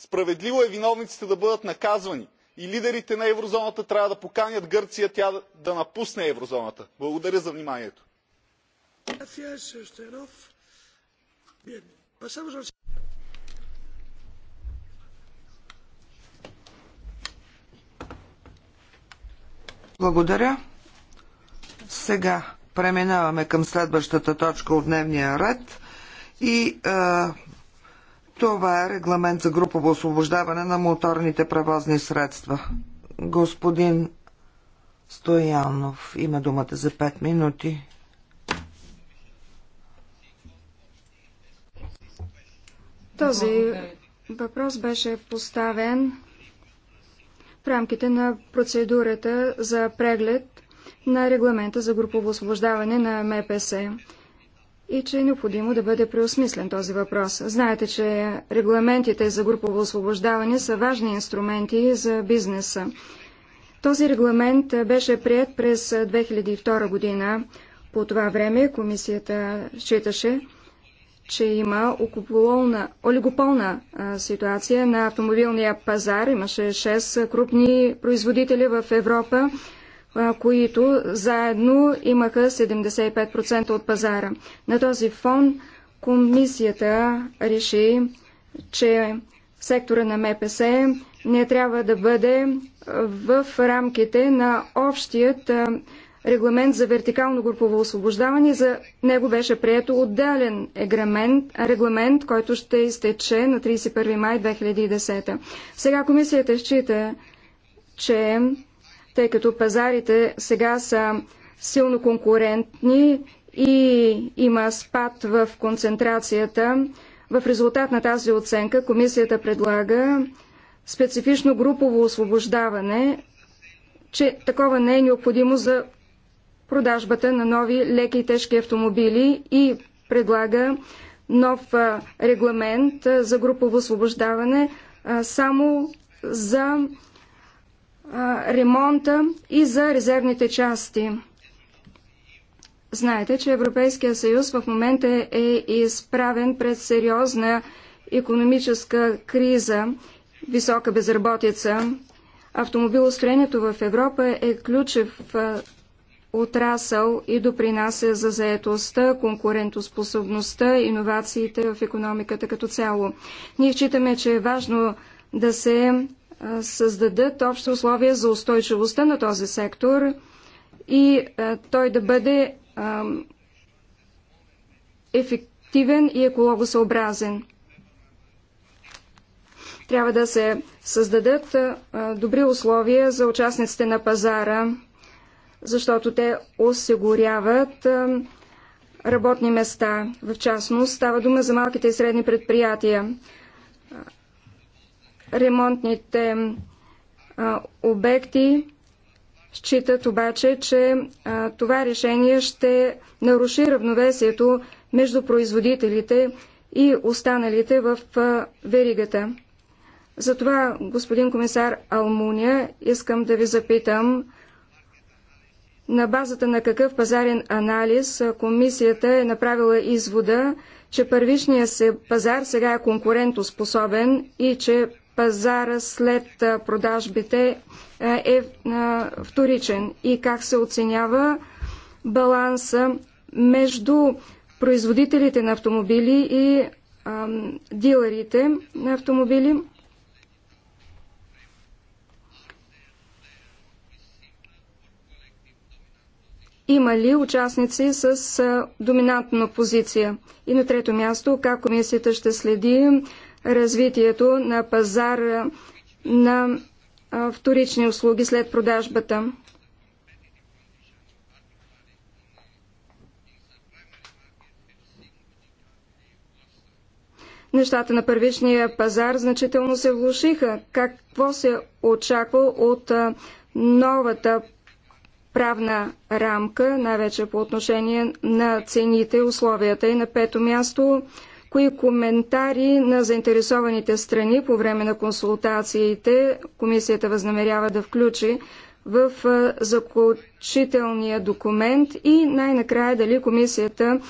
справедливо е виновниците да бъдат наказвани и лидерите на еврозоната трябва да поканят гърция тя да напусне еврозоната. благодаря за вниманието. Благодаря. Сега преминаваме към следващата точка от дневния ред и а, е, това е регламент за групово освобождаване на моторните превозни средства. Господин Стоянов има думата за 5 минути. Този въпрос беше поставен в рамките на процедурата за преглед на регламента за групово освобождаване на МПС и че е необходимо да бъде преосмислен този въпрос. Знаете, че регламентите за групово освобождаване са важни инструменти за бизнеса. Този регламент беше прият през 2002 година. По това време комисията считаше, че има окуполна, олигополна ситуация на автомобилния пазар. Имаше 6 крупни производители в Европа които заедно имаха 75% от пазара. На този фон комисията реши, че сектора на МПС не трябва да бъде в рамките на общият регламент за вертикално групово освобождаване. За него беше прието отделен регламент, регламент който ще изтече на 31 май 2010. Сега комисията счита, че тъй като пазарите сега са силно конкурентни и има спад в концентрацията. В резултат на тази оценка комисията предлага специфично групово освобождаване, че такова не е необходимо за продажбата на нови леки и тежки автомобили и предлага нов регламент за групово освобождаване само за ремонта и за резервните части. Знаете, че Европейския съюз в момента е изправен пред сериозна економическа криза, висока безработица. Автомобилостроението в Европа е ключев отрасъл и допринася за заетостта, конкурентоспособността, иновациите в економиката като цяло. Ние считаме, че е важно да се създадат общи условия за устойчивостта на този сектор и той да бъде ефективен и екологосъобразен. Трябва да се създадат добри условия за участниците на пазара, защото те осигуряват работни места. В частност става дума за малките и средни предприятия. Ремонтните обекти считат обаче, че това решение ще наруши равновесието между производителите и останалите в веригата. Затова, господин комисар Алмуния, искам да ви запитам на базата на какъв пазарен анализ комисията е направила извода, че първичният се пазар сега е конкурентоспособен и че пазара след продажбите е вторичен и как се оценява баланса между производителите на автомобили и дилерите на автомобили. Има ли участници с доминантна позиция? И на трето място, как комисията ще следи развитието на пазара на вторични услуги след продажбата. Нещата на първичния пазар значително се влушиха. Какво се очаква от новата правна рамка, най-вече по отношение на цените, условията и на пето място кои коментари на заинтересованите страни по време на консултациите комисията възнамерява да включи в заключителния документ и най-накрая дали комисията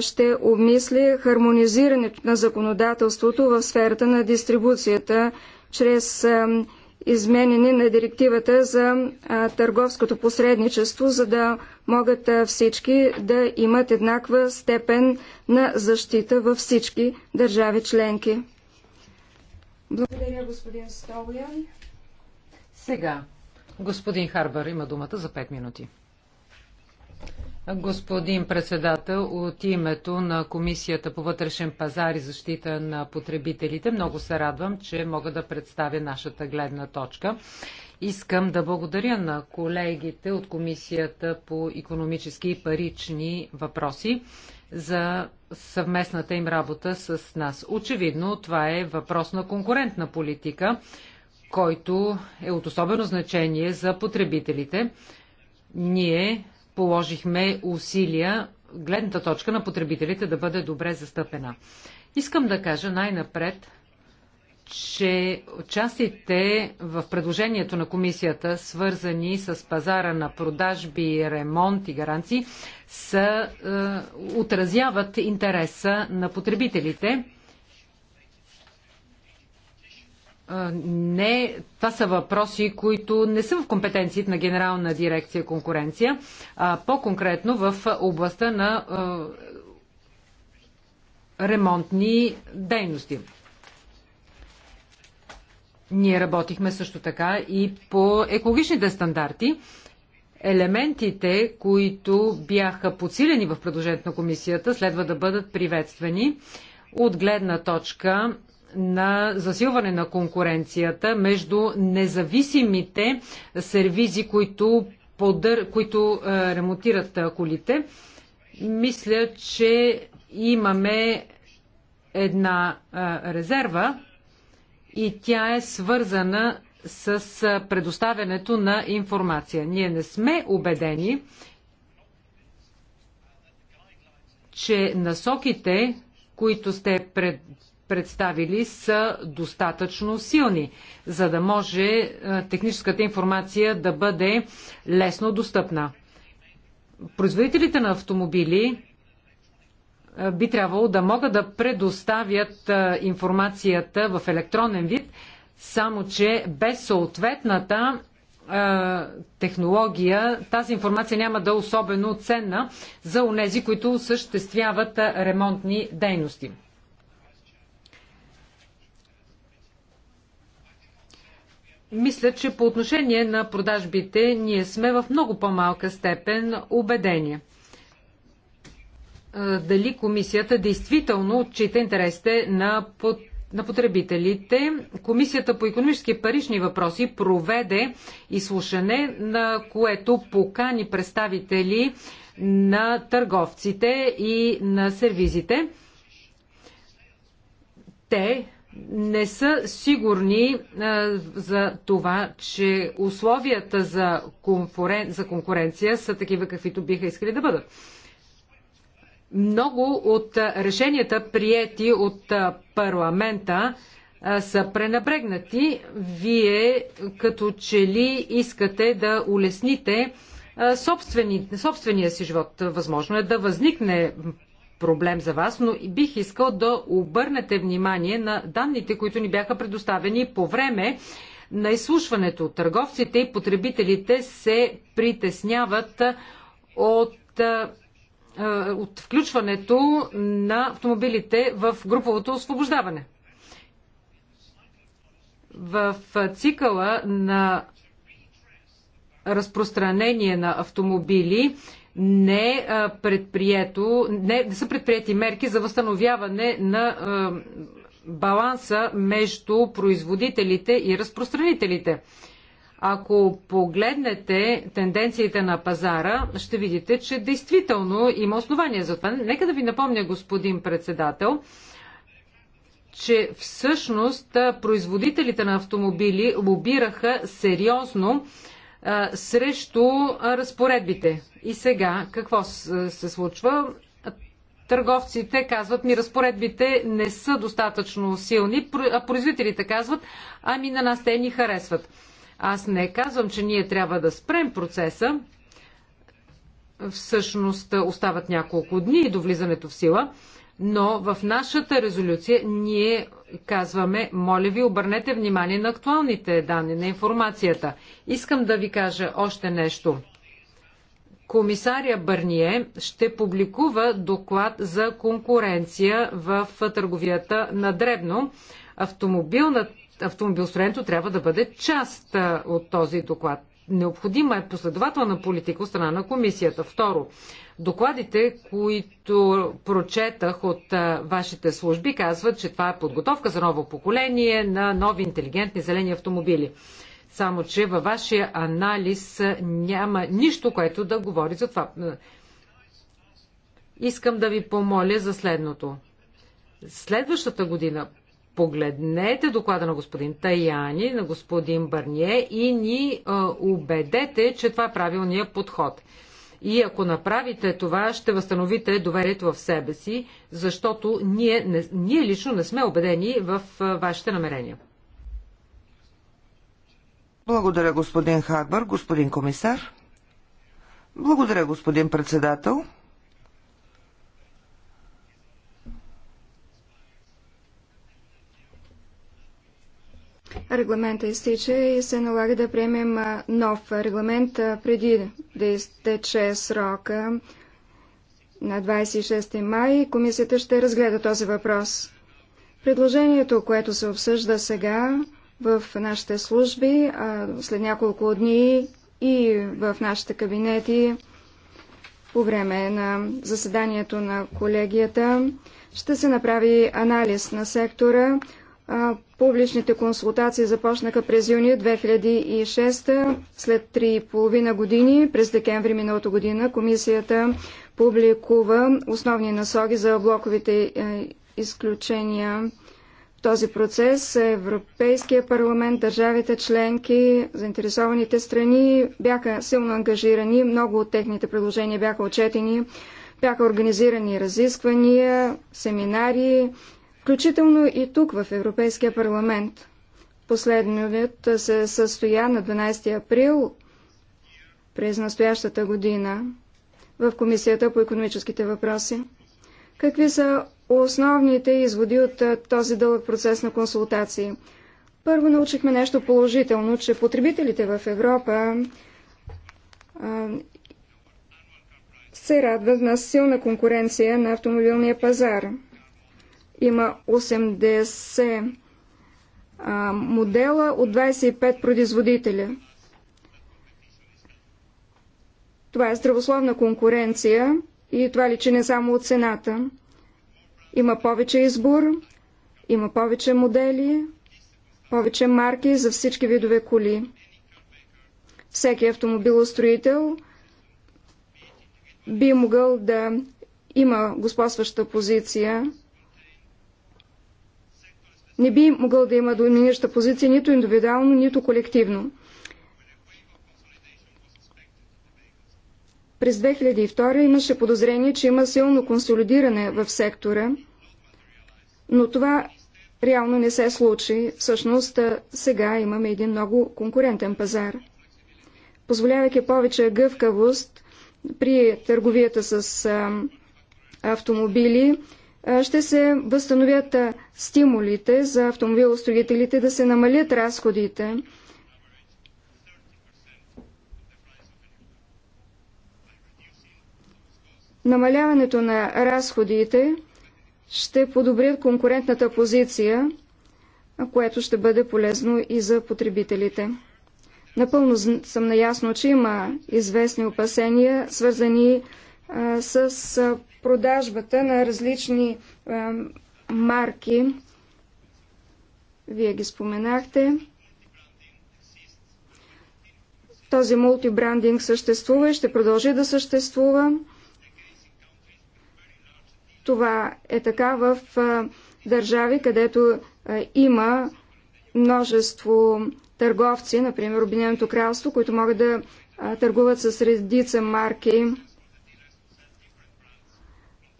ще обмисли хармонизирането на законодателството в сферата на дистрибуцията чрез изменени на директивата за търговското посредничество, за да могат всички да имат еднаква степен на защита във всички държави членки. Благодаря, господин Столоян. Сега господин Харбър има думата за 5 минути. Господин председател, от името на Комисията по вътрешен пазар и защита на потребителите, много се радвам, че мога да представя нашата гледна точка. Искам да благодаря на колегите от Комисията по економически и парични въпроси за съвместната им работа с нас. Очевидно, това е въпрос на конкурентна политика, който е от особено значение за потребителите. Ние положихме усилия гледната точка на потребителите да бъде добре застъпена. Искам да кажа най-напред, че частите в предложението на комисията, свързани с пазара на продажби, ремонт и гаранции, са, е, отразяват интереса на потребителите не, това са въпроси, които не са в компетенциите на Генерална дирекция конкуренция, а по-конкретно в областта на е, ремонтни дейности. Ние работихме също така и по екологичните стандарти. Елементите, които бяха подсилени в предложението на комисията, следва да бъдат приветствани от гледна точка на засилване на конкуренцията между независимите сервизи, които, подър... които а, е, ремонтират а, е, колите. Мисля, че имаме една а, е, резерва и тя е свързана с предоставянето на информация. Ние не сме убедени, че насоките, които сте пред, представили, са достатъчно силни, за да може е, техническата информация да бъде лесно достъпна. Производителите на автомобили е, би трябвало да могат да предоставят е, информацията в електронен вид, само че без съответната технология, тази информация няма да е особено ценна за онези, които осъществяват ремонтни дейности. мисля, че по отношение на продажбите ние сме в много по-малка степен убедени. Дали комисията действително отчита интересите на, под, на потребителите. Комисията по економически парични въпроси проведе изслушане, на което покани представители на търговците и на сервизите. Те не са сигурни а, за това, че условията за, конкурен... за конкуренция са такива, каквито биха искали да бъдат. Много от решенията, приети от парламента, а, са пренабрегнати. Вие като че ли искате да улесните собствени, собствения си живот. Възможно е да възникне проблем за вас, но бих искал да обърнете внимание на данните, които ни бяха предоставени по време на изслушването. Търговците и потребителите се притесняват от от включването на автомобилите в груповото освобождаване. В цикъла на разпространение на автомобили не е предприето, не, не са предприяти мерки за възстановяване на е, баланса между производителите и разпространителите. Ако погледнете тенденциите на пазара, ще видите, че действително има основания за това. Нека да ви напомня, господин председател, че всъщност е, производителите на автомобили лобираха сериозно срещу разпоредбите. И сега какво се, се случва? Търговците казват ми, разпоредбите не са достатъчно силни, а производителите казват, ами на нас те ни харесват. Аз не казвам, че ние трябва да спрем процеса. Всъщност остават няколко дни до влизането в сила, но в нашата резолюция ние казваме, моля ви, обърнете внимание на актуалните данни, на информацията. Искам да ви кажа още нещо. Комисария Бърние ще публикува доклад за конкуренция в търговията на Дребно. Автомобилстроенето трябва да бъде част от този доклад. Необходима е последователна политика от страна на комисията. Второ, Докладите, които прочетах от вашите служби, казват, че това е подготовка за ново поколение на нови интелигентни зелени автомобили. Само, че във вашия анализ няма нищо, което да говори за това. Искам да ви помоля за следното. Следващата година погледнете доклада на господин Таяни, на господин Барние и ни а, убедете, че това е правилният подход. И ако направите това, ще възстановите доверието в себе си, защото ние, не, ние лично не сме убедени в вашите намерения. Благодаря, господин Харбър. Господин комисар. Благодаря, господин председател. Регламента изтича и се налага да приемем нов регламент преди да изтече срока на 26 май. Комисията ще разгледа този въпрос. Предложението, което се обсъжда сега в нашите служби, след няколко дни и в нашите кабинети, по време на заседанието на колегията, ще се направи анализ на сектора, Публичните консултации започнаха през юни 2006, след 3,5 години, през декември миналото година, комисията публикува основни насоги за блоковите е, изключения. В този процес Европейския парламент, държавите членки, заинтересованите страни бяха силно ангажирани, много от техните предложения бяха отчетени, бяха организирани разисквания, семинари, включително и тук в Европейския парламент. Последният се състоя на 12 април през настоящата година в Комисията по економическите въпроси. Какви са основните изводи от този дълъг процес на консултации? Първо научихме нещо положително, че потребителите в Европа а, се радват на силна конкуренция на автомобилния пазар – има 80 а, модела от 25 производителя. Това е здравословна конкуренция и това личи не само от цената. Има повече избор, има повече модели, повече марки за всички видове коли. Всеки автомобилостроител би могъл да има господстваща позиция не би могъл да има доминираща позиция нито индивидуално, нито колективно. През 2002 имаше подозрение, че има силно консолидиране в сектора, но това реално не се случи. Всъщност сега имаме един много конкурентен пазар. Позволявайки повече гъвкавост при търговията с автомобили, е, ще се възстановят е, стимулите за автомобилостроителите да се намалят разходите. Намаляването на разходите ще подобрят конкурентната позиция, което ще бъде полезно и за потребителите. Напълно съм наясно, че има известни опасения, свързани а, е, с продажбата на различни е, марки. Вие ги споменахте. Този мултибрандинг съществува и ще продължи да съществува. Това е така в е, държави, където е, има множество търговци, например Обединеното кралство, които могат да а, е, търгуват с редица марки.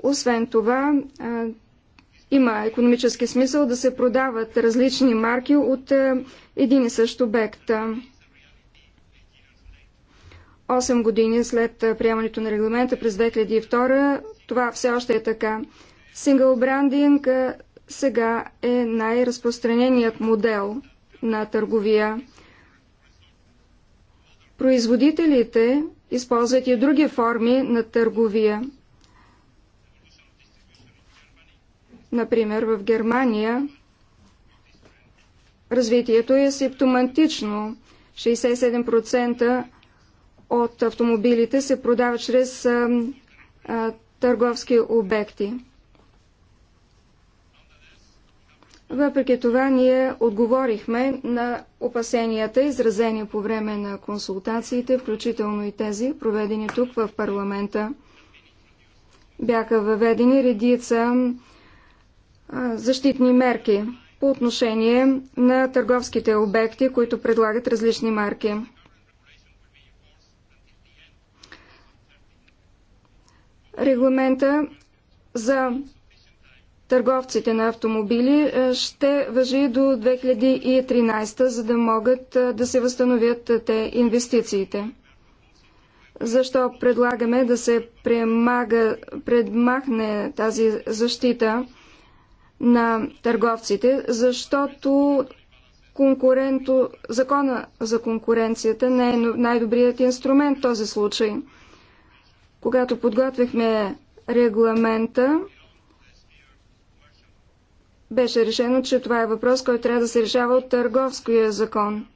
Освен това, има економически смисъл да се продават различни марки от един и същ обект. Осем години след приемането на регламента през 2002, това все още е така. Сингъл брандинг сега е най-разпространеният модел на търговия. Производителите използват и други форми на търговия. Например, в Германия развитието е симптоматично. 67% от автомобилите се продават чрез а, а, търговски обекти. Въпреки това ние отговорихме на опасенията, изразени по време на консултациите, включително и тези, проведени тук в парламента. Бяха въведени редица защитни мерки по отношение на търговските обекти, които предлагат различни марки. Регламента за търговците на автомобили ще въжи до 2013, за да могат да се възстановят те инвестициите. Защо предлагаме да се премага, предмахне тази защита на търговците, защото конкуренто, закона за конкуренцията не е най-добрият инструмент в този случай. Когато подготвихме регламента, беше решено, че това е въпрос, който трябва да се решава от търговския закон.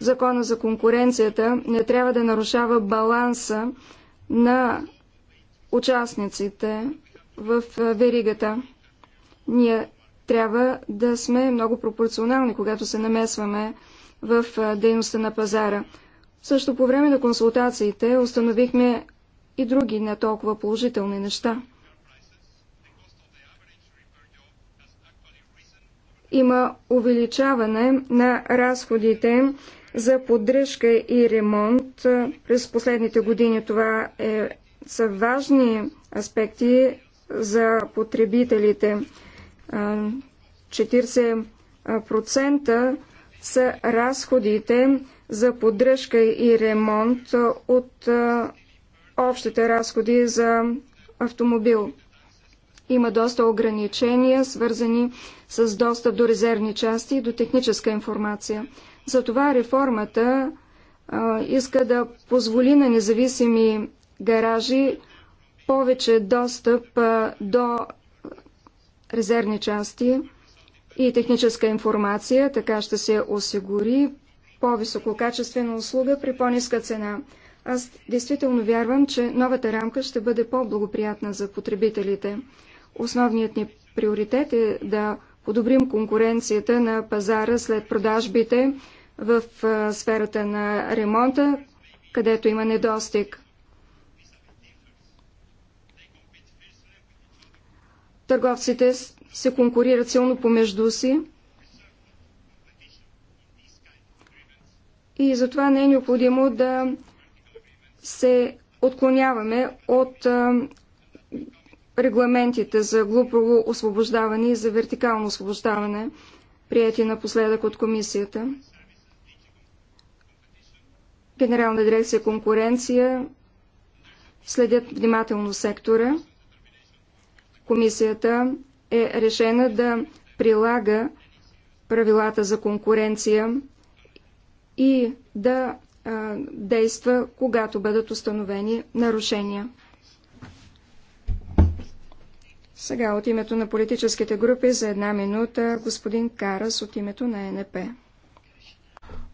Закона за конкуренцията не трябва да нарушава баланса на участниците в веригата. Ние трябва да сме много пропорционални, когато се намесваме в дейността на пазара. Също по време на консултациите установихме и други не толкова положителни неща. Има увеличаване на разходите за поддръжка и ремонт. През последните години това е, са важни аспекти за потребителите. 40% са разходите за поддръжка и ремонт от общите разходи за автомобил. Има доста ограничения, свързани с достъп до резервни части и до техническа информация. Затова реформата а, иска да позволи на независими гаражи повече достъп до резервни части и техническа информация, така ще се осигури по-висококачествена услуга при по-ниска цена. Аз действително вярвам, че новата рамка ще бъде по-благоприятна за потребителите. Основният ни приоритет е да подобрим конкуренцията на пазара след продажбите в сферата на ремонта, където има недостиг. Търговците се конкурират силно помежду си. И затова не е необходимо да се отклоняваме от регламентите за глупово освобождаване и за вертикално освобождаване, прияти напоследък от комисията. Генерална дирекция конкуренция следят внимателно сектора. Комисията е решена да прилага правилата за конкуренция и да а, действа, когато бъдат установени нарушения. Сега от името на политическите групи за една минута господин Карас от името на НП.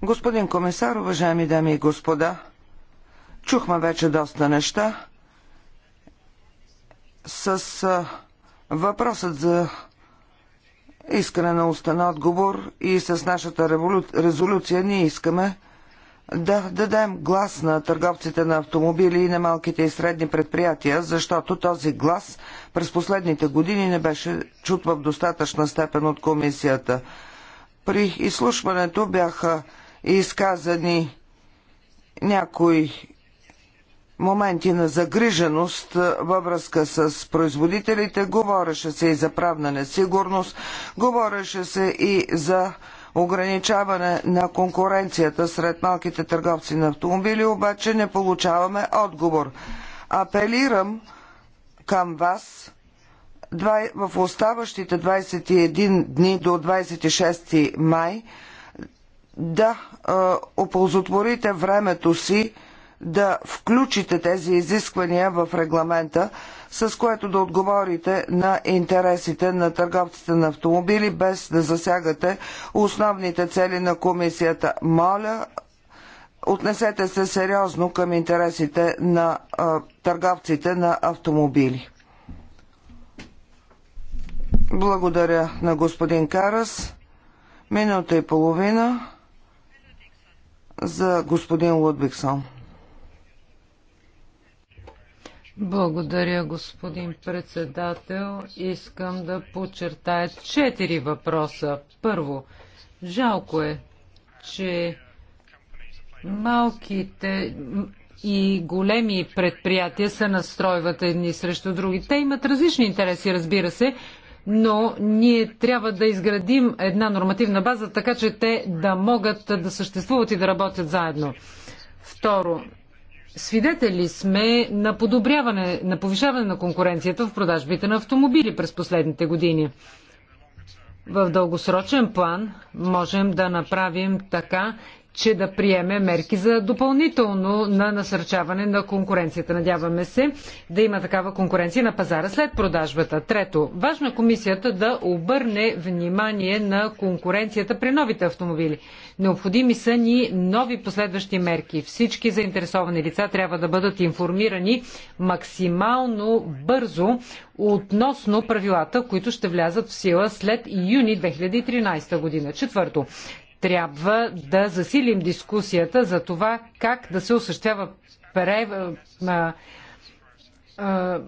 Господин комисар, уважаеми дами и господа, чухме вече доста неща с въпросът за искане на устан отговор и с нашата револю... резолюция ние искаме да дадем глас на търговците на автомобили и на малките и средни предприятия, защото този глас през последните години не беше чут в достатъчна степен от комисията. При изслушването бяха изказани някои моменти на загриженост във връзка с производителите. Говореше се и за правна несигурност, говореше се и за ограничаване на конкуренцията сред малките търговци на автомобили, обаче не получаваме отговор. Апелирам към вас в оставащите 21 дни до 26 май да оползотворите времето си да включите тези изисквания в регламента, с което да отговорите на интересите на търговците на автомобили, без да засягате основните цели на комисията. Моля, отнесете се сериозно към интересите на а, търговците на автомобили. Благодаря на господин Карас. Минута и половина за господин Лудвиксон. Благодаря, господин председател. Искам да подчертая четири въпроса. Първо, жалко е, че малките и големи предприятия се настройват едни срещу други. Те имат различни интереси, разбира се, но ние трябва да изградим една нормативна база, така че те да могат да съществуват и да работят заедно. Второ, Свидетели сме на подобряване, на повишаване на конкуренцията в продажбите на автомобили през последните години. В дългосрочен план можем да направим така, че да приеме мерки за допълнително на насърчаване на конкуренцията. Надяваме се да има такава конкуренция на пазара след продажбата. Трето, важно е комисията да обърне внимание на конкуренцията при новите автомобили. Необходими са ни нови последващи мерки. Всички заинтересовани лица трябва да бъдат информирани максимално бързо относно правилата, които ще влязат в сила след юни 2013 година. Четвърто, трябва да засилим дискусията за това как да се осъществява пре, а, а,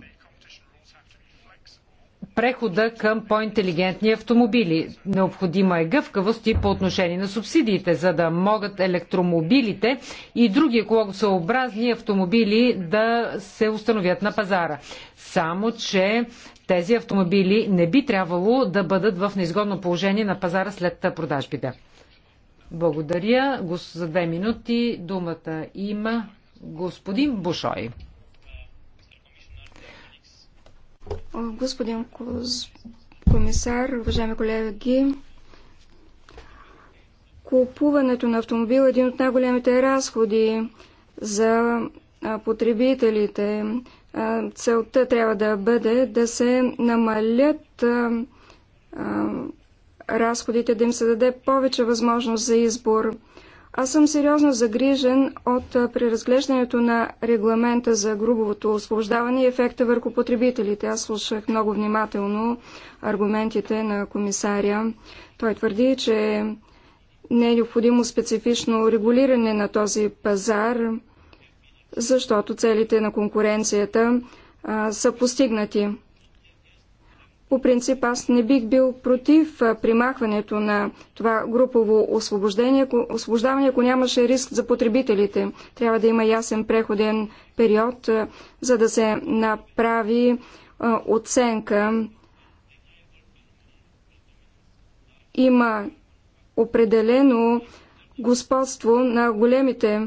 прехода към по-интелигентни автомобили. Необходима е гъвкавост и по отношение на субсидиите, за да могат електромобилите и други екологосъобразни автомобили да се установят на пазара. Само, че тези автомобили не би трябвало да бъдат в неизгодно положение на пазара след продажбите. Благодаря. За две минути думата има господин Бушой. Господин комисар, уважаеми колеги, купуването на автомобил е един от най-големите разходи за потребителите. Целта трябва да бъде да се намалят разходите, да им се даде повече възможност за избор. Аз съм сериозно загрижен от преразглеждането на регламента за грубовото освобождаване и ефекта върху потребителите. Аз слушах много внимателно аргументите на комисаря. Той твърди, че не е необходимо специфично регулиране на този пазар, защото целите на конкуренцията а, са постигнати. По принцип аз не бих бил против примахването на това групово освобождение, освобождаване, ако нямаше риск за потребителите. Трябва да има ясен преходен период, за да се направи оценка. Има определено господство на големите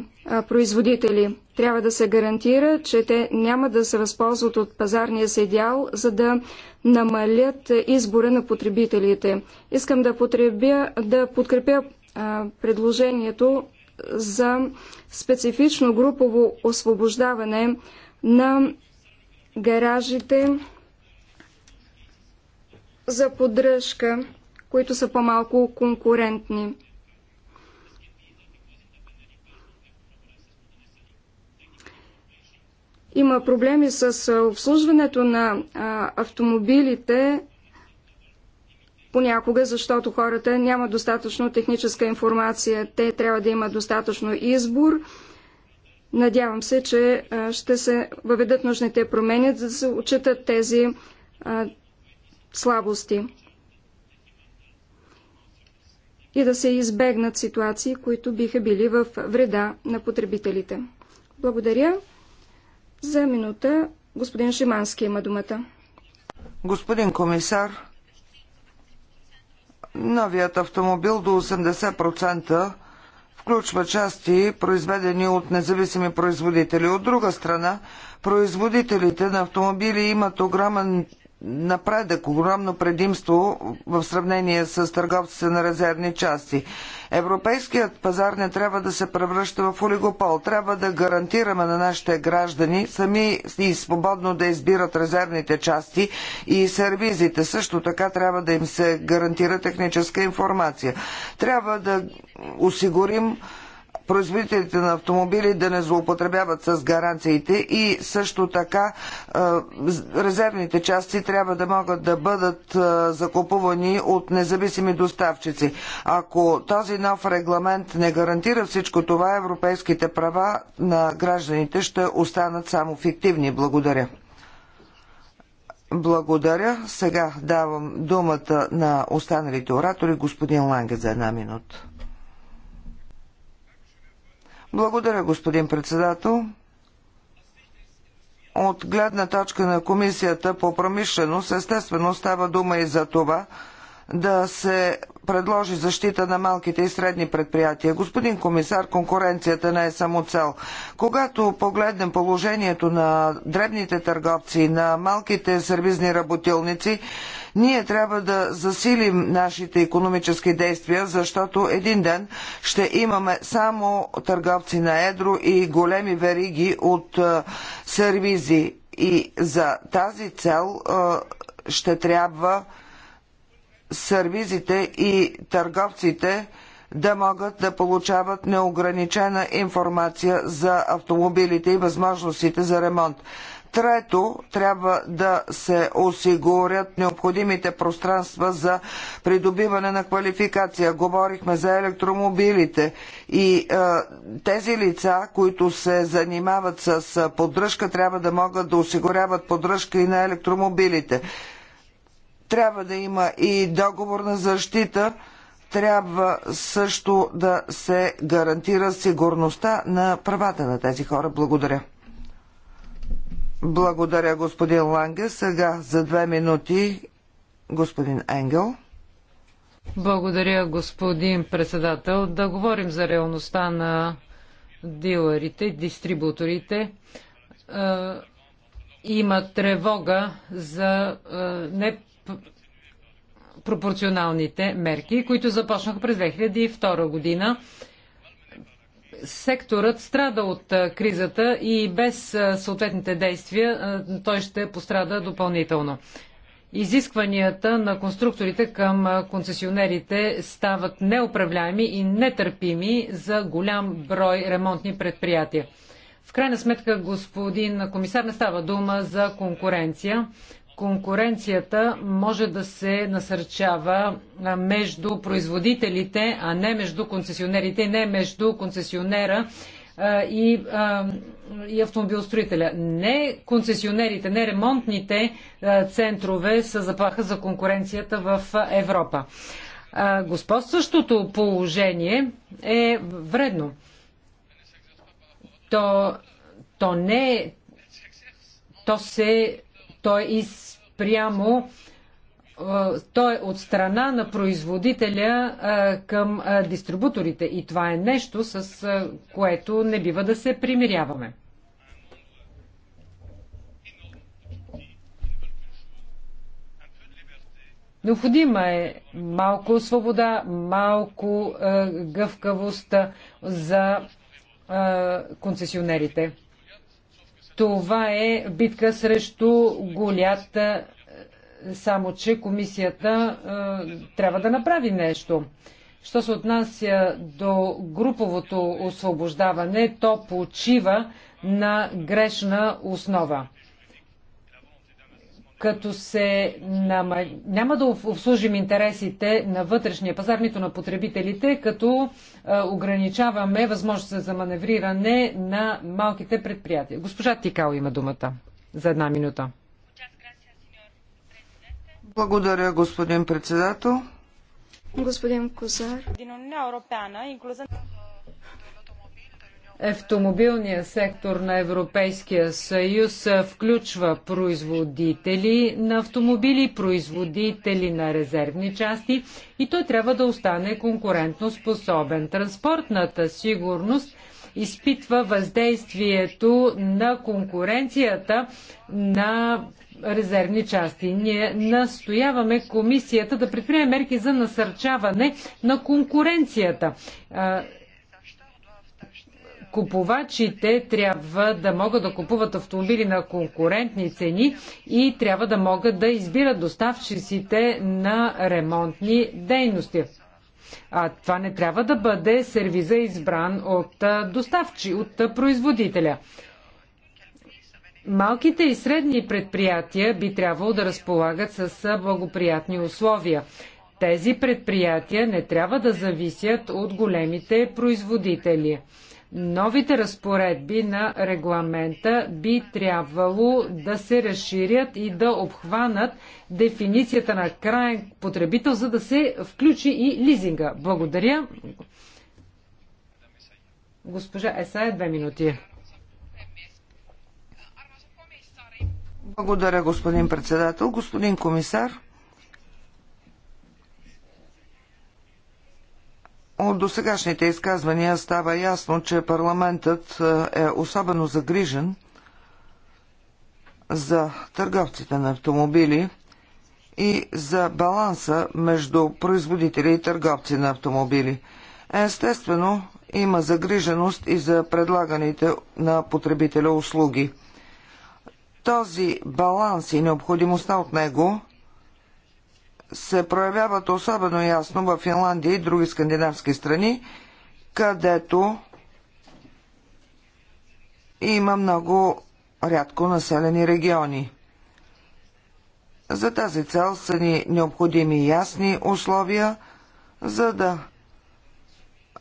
производители. Трябва да се гарантира, че те няма да се възползват от пазарния се дял, за да намалят избора на потребителите. Искам да, потребя, да подкрепя а, предложението за специфично групово освобождаване на гаражите за поддръжка, които са по-малко конкурентни. Има проблеми с обслужването на автомобилите понякога, защото хората нямат достатъчно техническа информация. Те трябва да имат достатъчно избор. Надявам се, че ще се въведат нужните промени, за да се отчитат тези а, слабости и да се избегнат ситуации, които биха били в вреда на потребителите. Благодаря. За минута господин Шимански има думата. Господин комисар, новият автомобил до 80% включва части, произведени от независими производители. От друга страна, производителите на автомобили имат огромен напредък, огромно предимство в сравнение с търговците на резервни части. Европейският пазар не трябва да се превръща в олигопол. Трябва да гарантираме на нашите граждани сами и свободно да избират резервните части и сервизите. Също така трябва да им се гарантира техническа информация. Трябва да осигурим производителите на автомобили да не злоупотребяват с гаранциите и също така е, резервните части трябва да могат да бъдат е, закупувани от независими доставчици. Ако този нов регламент не гарантира всичко това, европейските права на гражданите ще останат само фиктивни. Благодаря. Благодаря. Сега давам думата на останалите оратори. Господин Ланге за една минута. Благодаря, господин председател. От гледна точка на Комисията по промишленост, естествено става дума и за това да се предложи защита на малките и средни предприятия. Господин комисар, конкуренцията не е само цел. Когато погледнем положението на дребните търговци, на малките сервизни работилници, ние трябва да засилим нашите економически действия, защото един ден ще имаме само търговци на едро и големи вериги от е, сервизи. И за тази цел е, ще трябва сервизите и търговците да могат да получават неограничена информация за автомобилите и възможностите за ремонт. Трето, трябва да се осигурят необходимите пространства за придобиване на квалификация. Говорихме за електромобилите и е, тези лица, които се занимават с е, поддръжка, трябва да могат да осигуряват поддръжка и на електромобилите. Трябва да има и договорна защита. Трябва също да се гарантира сигурността на правата на тези хора. Благодаря. Благодаря, господин Ланге. Сега за две минути господин Енгел. Благодаря, господин председател. Да говорим за реалността на дилерите, дистрибуторите. Е, има тревога за е, не, пропорционалните мерки, които започнаха през 2002 година. Секторът страда от кризата и без съответните действия той ще пострада допълнително. Изискванията на конструкторите към концесионерите стават неуправляеми и нетърпими за голям брой ремонтни предприятия. В крайна сметка, господин комисар, не става дума за конкуренция конкуренцията може да се насърчава между производителите, а не между концесионерите не между концесионера и, и автомобилостроителя. Не концесионерите, не ремонтните центрове са заплаха за конкуренцията в Европа. Господстващото положение е вредно. То, то не е, то се той изпрямо спрямо той е от страна на производителя към дистрибуторите и това е нещо, с което не бива да се примиряваме. Необходима е малко свобода, малко гъвкавост за концесионерите. Това е битка срещу голята, само че комисията е, трябва да направи нещо. Що се отнася до груповото освобождаване, то почива на грешна основа като се нама... няма да обслужим интересите на вътрешния пазар, нито на потребителите, като ограничаваме възможността за маневриране на малките предприятия. Госпожа Тикао има думата за една минута. Благодаря, господин председател. Господин Козар. Автомобилният сектор на Европейския съюз включва производители на автомобили, производители на резервни части и той трябва да остане конкурентно способен. Транспортната сигурност изпитва въздействието на конкуренцията на резервни части. Ние настояваме комисията да предприеме мерки за насърчаване на конкуренцията купувачите трябва да могат да купуват автомобили на конкурентни цени и трябва да могат да избират доставчиците на ремонтни дейности. А това не трябва да бъде сервиза избран от доставчи, от производителя. Малките и средни предприятия би трябвало да разполагат с благоприятни условия. Тези предприятия не трябва да зависят от големите производители. Новите разпоредби на регламента би трябвало да се разширят и да обхванат дефиницията на крайен потребител, за да се включи и лизинга. Благодаря. Госпожа Есая, две минути. Благодаря, господин председател. Господин комисар, От досегашните изказвания става ясно, че парламентът е особено загрижен за търговците на автомобили и за баланса между производители и търговци на автомобили. Естествено, има загриженост и за предлаганите на потребителя услуги. Този баланс и необходимостта от него се проявяват особено ясно в Финландия и други скандинавски страни, където има много рядко населени региони. За тази цел са ни необходими ясни условия, за да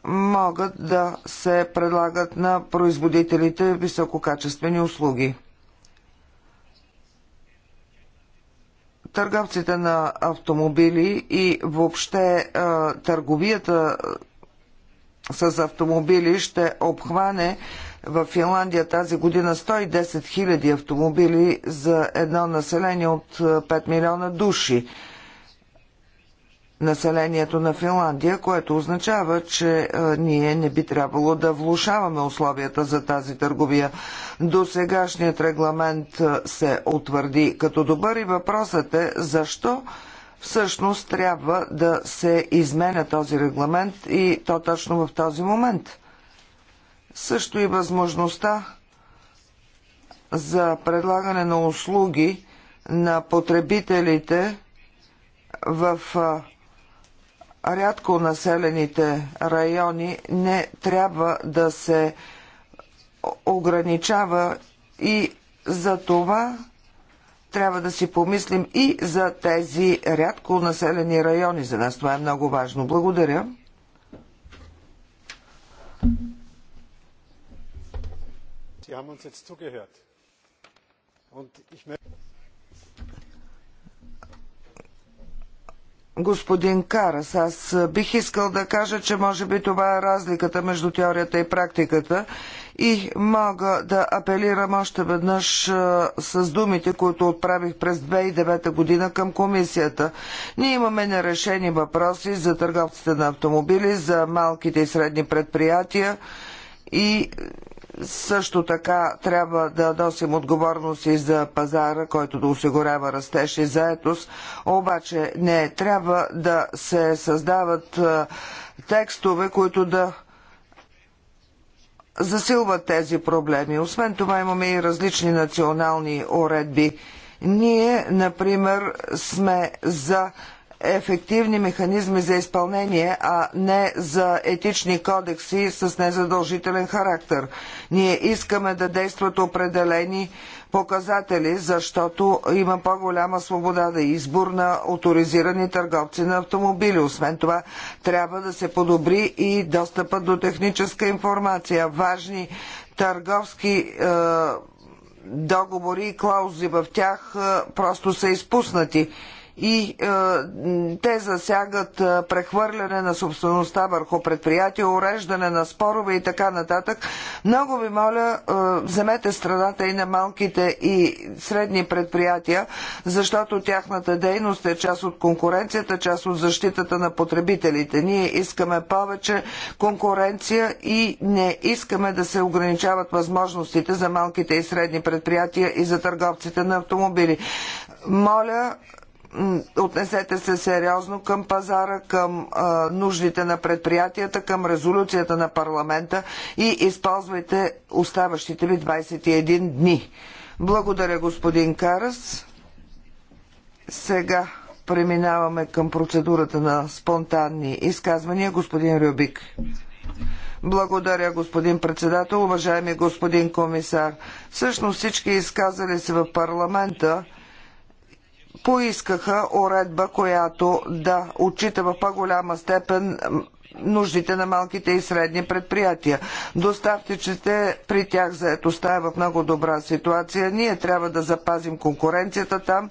могат да се предлагат на производителите висококачествени услуги. търговците на автомобили и въобще е, търговията е, с автомобили ще обхване в Финландия тази година 110 000 автомобили за едно население от 5 е, милиона души населението на Финландия, което означава, че ние не би трябвало да влушаваме условията за тази търговия. До сегашният регламент се утвърди като добър и въпросът е защо всъщност трябва да се изменя този регламент и то точно в този момент. Също и възможността за предлагане на услуги на потребителите в рядко населените райони не трябва да се ограничава и за това трябва да си помислим и за тези рядко населени райони. За нас това е много важно. Благодаря. Sie haben uns jetzt zugehört. Und ich möchte господин Карас. Аз бих искал да кажа, че може би това е разликата между теорията и практиката и мога да апелирам още веднъж а, с думите, които отправих през 2009 година към комисията. Ние имаме нерешени въпроси за търговците на автомобили, за малките и средни предприятия и също така трябва да носим отговорност и за пазара, който да осигурява растеж и заетост, обаче не трябва да се създават текстове, които да засилват тези проблеми. Освен това имаме и различни национални уредби. Ние, например, сме за ефективни механизми за изпълнение, а не за етични кодекси с незадължителен характер. Ние искаме да действат определени показатели, защото има по-голяма свобода да избор на авторизирани търговци на автомобили. Освен това, трябва да се подобри и достъпа до техническа информация. Важни търговски е, договори и клаузи в тях е, просто са изпуснати и е, те засягат е, прехвърляне на собствеността върху предприятия, уреждане на спорове и така нататък. Много ви моля, е, вземете страната и на малките и средни предприятия, защото тяхната дейност е част от конкуренцията, част от защитата на потребителите. Ние искаме повече конкуренция и не искаме да се ограничават възможностите за малките и средни предприятия и за търговците на автомобили. Моля, отнесете се сериозно към пазара, към а, нуждите на предприятията, към резолюцията на парламента и използвайте оставащите ви 21 дни. Благодаря, господин Карас. Сега преминаваме към процедурата на спонтанни изказвания. Господин Рюбик. Благодаря, господин председател. Уважаеми господин комисар, всъщност всички изказали се в парламента поискаха уредба, която да отчита в по-голяма степен нуждите на малките и средни предприятия. Доставчиците при тях заедостта е в много добра ситуация. Ние трябва да запазим конкуренцията там,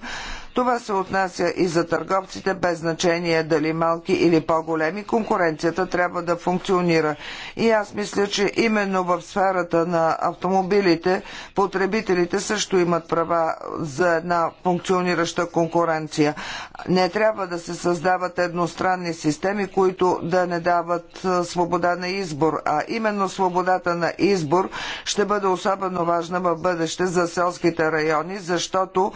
това се отнася и за търговците, без значение дали малки или по-големи. Конкуренцията трябва да функционира. И аз мисля, че именно в сферата на автомобилите потребителите също имат права за една функционираща конкуренция. Не трябва да се създават едностранни системи, които да не дават свобода на избор, а именно свободата на избор ще бъде особено важна в бъдеще за селските райони, защото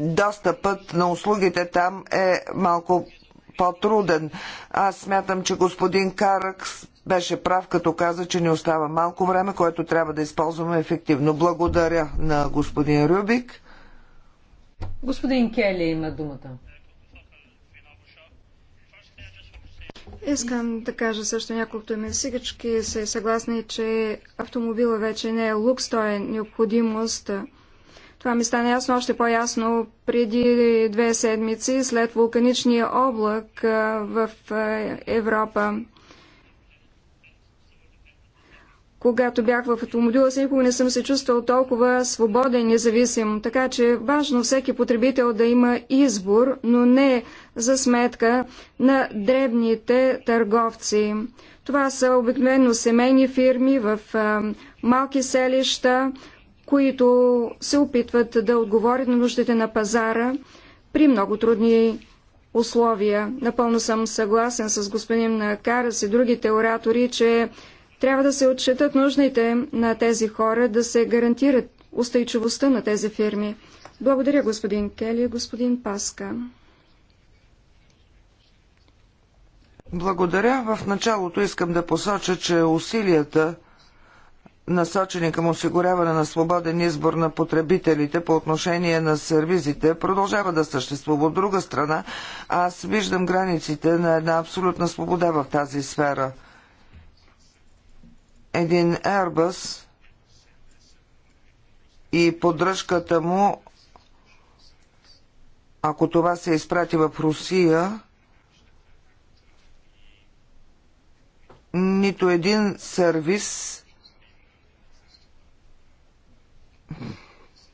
достъпът на услугите там е малко по-труден. Аз смятам, че господин Каракс беше прав, като каза, че ни остава малко време, което трябва да използваме ефективно. Благодаря на господин Рюбик. Господин Кели има думата. Искам да кажа също няколкото име. Всички са съгласни, че автомобила вече не е лукс, той е необходимост. Това ми стана ясно още по-ясно преди две седмици след вулканичния облак в Европа. Когато бях в автомобила си, никога не съм се чувствал толкова свободен и независим. Така че важно всеки потребител да има избор, но не за сметка на дребните търговци. Това са обикновено семейни фирми в малки селища, които се опитват да отговорят на нуждите на пазара при много трудни условия. Напълно съм съгласен с господин Карас и другите оратори, че трябва да се отчитат нуждите на тези хора, да се гарантират устойчивостта на тези фирми. Благодаря, господин Кели, господин Паска. Благодаря. В началото искам да посоча, че усилията насочени към осигуряване на свободен избор на потребителите по отношение на сервизите, продължава да съществува. От друга страна, аз виждам границите на една абсолютна свобода в тази сфера. Един Airbus и поддръжката му, ако това се изпрати в Русия, нито един сервис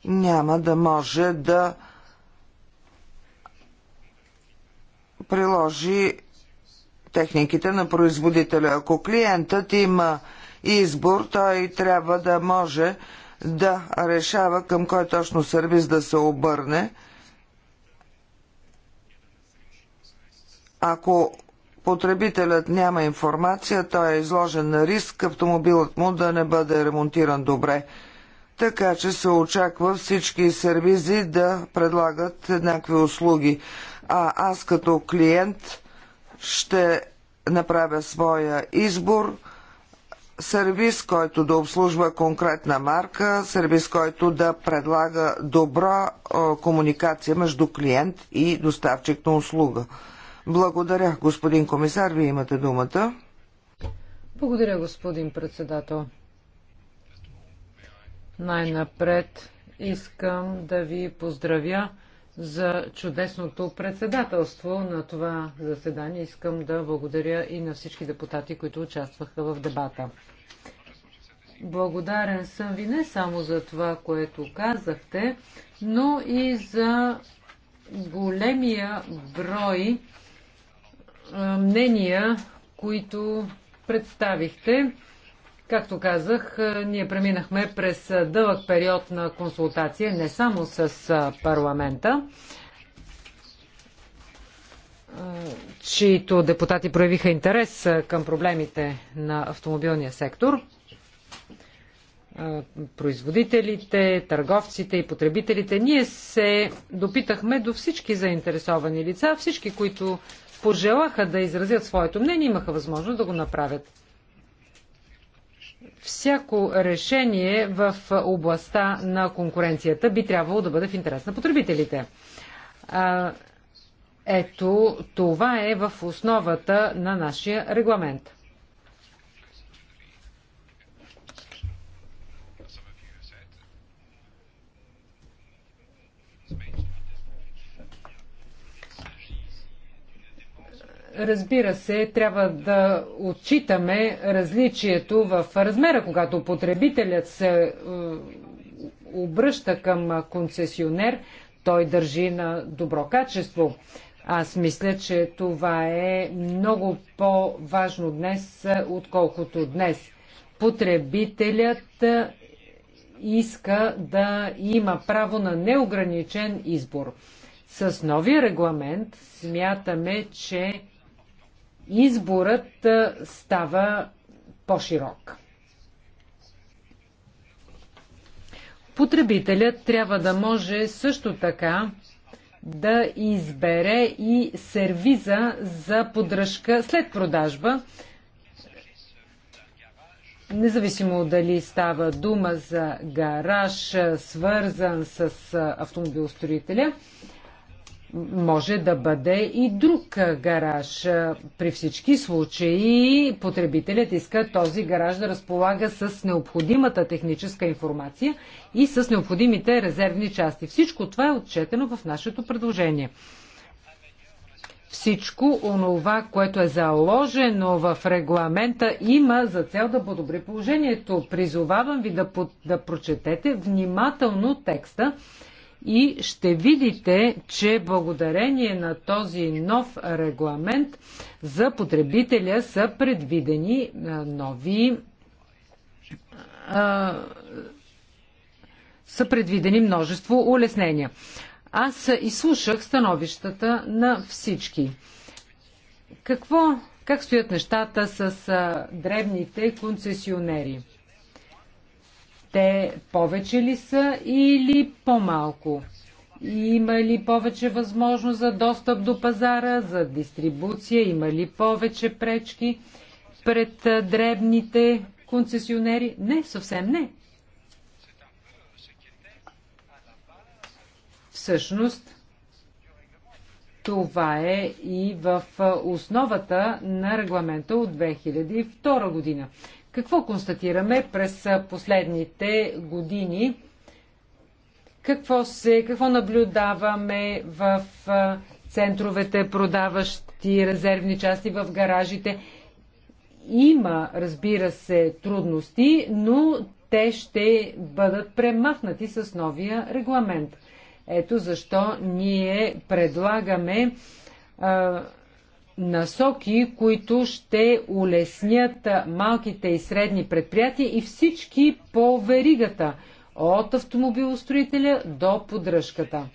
няма да може да приложи техниките на производителя. Ако клиентът има избор, той трябва да може да решава към кой точно сервис да се обърне. Ако потребителят няма информация, той е изложен на риск автомобилът му да не бъде ремонтиран добре така че се очаква всички сервизи да предлагат еднакви услуги. А аз като клиент ще направя своя избор сервис, който да обслужва конкретна марка, сервис, който да предлага добра комуникация между клиент и доставчик на услуга. Благодаря, господин комисар, вие имате думата. Благодаря, господин председател. Най-напред искам да ви поздравя за чудесното председателство на това заседание. Искам да благодаря и на всички депутати, които участваха в дебата. Благодарен съм ви не само за това, което казахте, но и за големия брой е, мнения, които представихте. Както казах, е, ние преминахме през е, дълъг период на консултация не само с е, парламента, чието депутати проявиха интерес към проблемите на автомобилния сектор. Производителите, търговците и потребителите. Ние се допитахме до всички заинтересовани лица, всички, които пожелаха да изразят своето мнение, имаха възможност да го направят всяко решение в областта на конкуренцията би трябвало да бъде в интерес на потребителите. Ето, това е в основата на нашия регламент. Разбира се, трябва да отчитаме различието в размера, когато потребителят се е, обръща към концесионер, той държи на добро качество. Аз мисля, че това е много по-важно днес, отколкото днес. Потребителят е, иска да има право на неограничен избор. С новия регламент смятаме, че изборът става по-широк. Потребителят трябва да може също така да избере и сервиза за поддръжка след продажба, независимо дали става дума за гараж, свързан с автомобилостроителя може да бъде и друг гараж. При всички случаи потребителят иска този гараж да разполага с необходимата техническа информация и с необходимите резервни части. Всичко това е отчетено в нашето предложение. Всичко онова, което е заложено в регламента, има за цел да подобри положението. Призовавам ви да, под... да прочетете внимателно текста, и ще видите, че благодарение на този нов регламент за потребителя са предвидени нови а, са предвидени множество улеснения. Аз изслушах становищата на всички. Какво, как стоят нещата с древните концесионери? Те повече ли са или по-малко? Има ли повече възможност за достъп до пазара, за дистрибуция? Има ли повече пречки пред дребните концесионери? Не, съвсем не. Всъщност, това е и в основата на регламента от 2002 година. Какво констатираме през последните години? Какво, се, какво наблюдаваме в центровете, продаващи резервни части в гаражите? Има, разбира се, трудности, но те ще бъдат премахнати с новия регламент. Ето защо ние предлагаме насоки, които ще улеснят малките и средни предприятия и всички по веригата, от автомобилостроителя до поддръжката.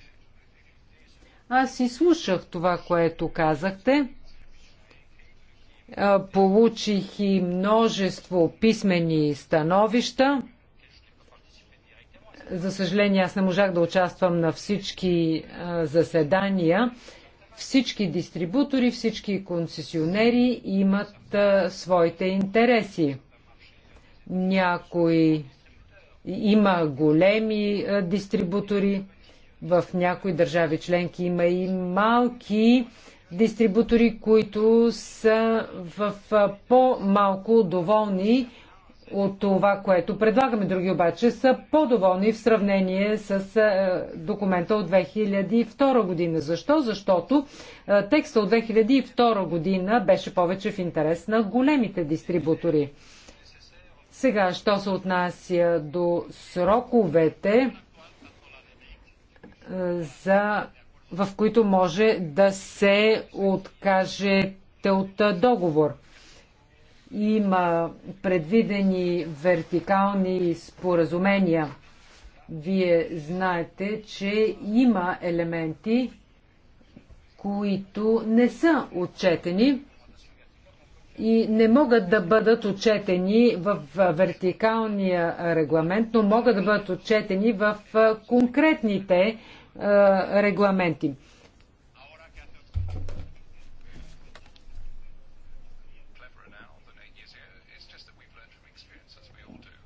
Аз слушах това, което казахте. Получих и множество писмени становища. За съжаление, аз не можах да участвам на всички заседания всички дистрибутори, всички концесионери имат а, своите интереси. Някои има големи а, дистрибутори, в някои държави членки има и малки дистрибутори, които са в по-малко доволни от това, което предлагаме. Други обаче са по-доволни в сравнение с е, документа от 2002 година. Защо? Защото е, текста от 2002 година беше повече в интерес на големите дистрибутори. Сега, що се отнася до сроковете, е, за, в които може да се откажете от договор – има предвидени вертикални споразумения. Вие знаете, че има елементи, които не са отчетени и не могат да бъдат отчетени в вертикалния регламент, но могат да бъдат отчетени в конкретните регламенти.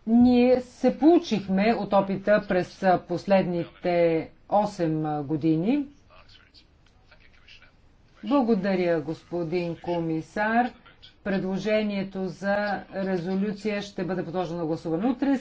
Ние се получихме от опита през последните 8 години. Благодаря, господин комисар. Предложението за резолюция ще бъде подложено на гласуване утре.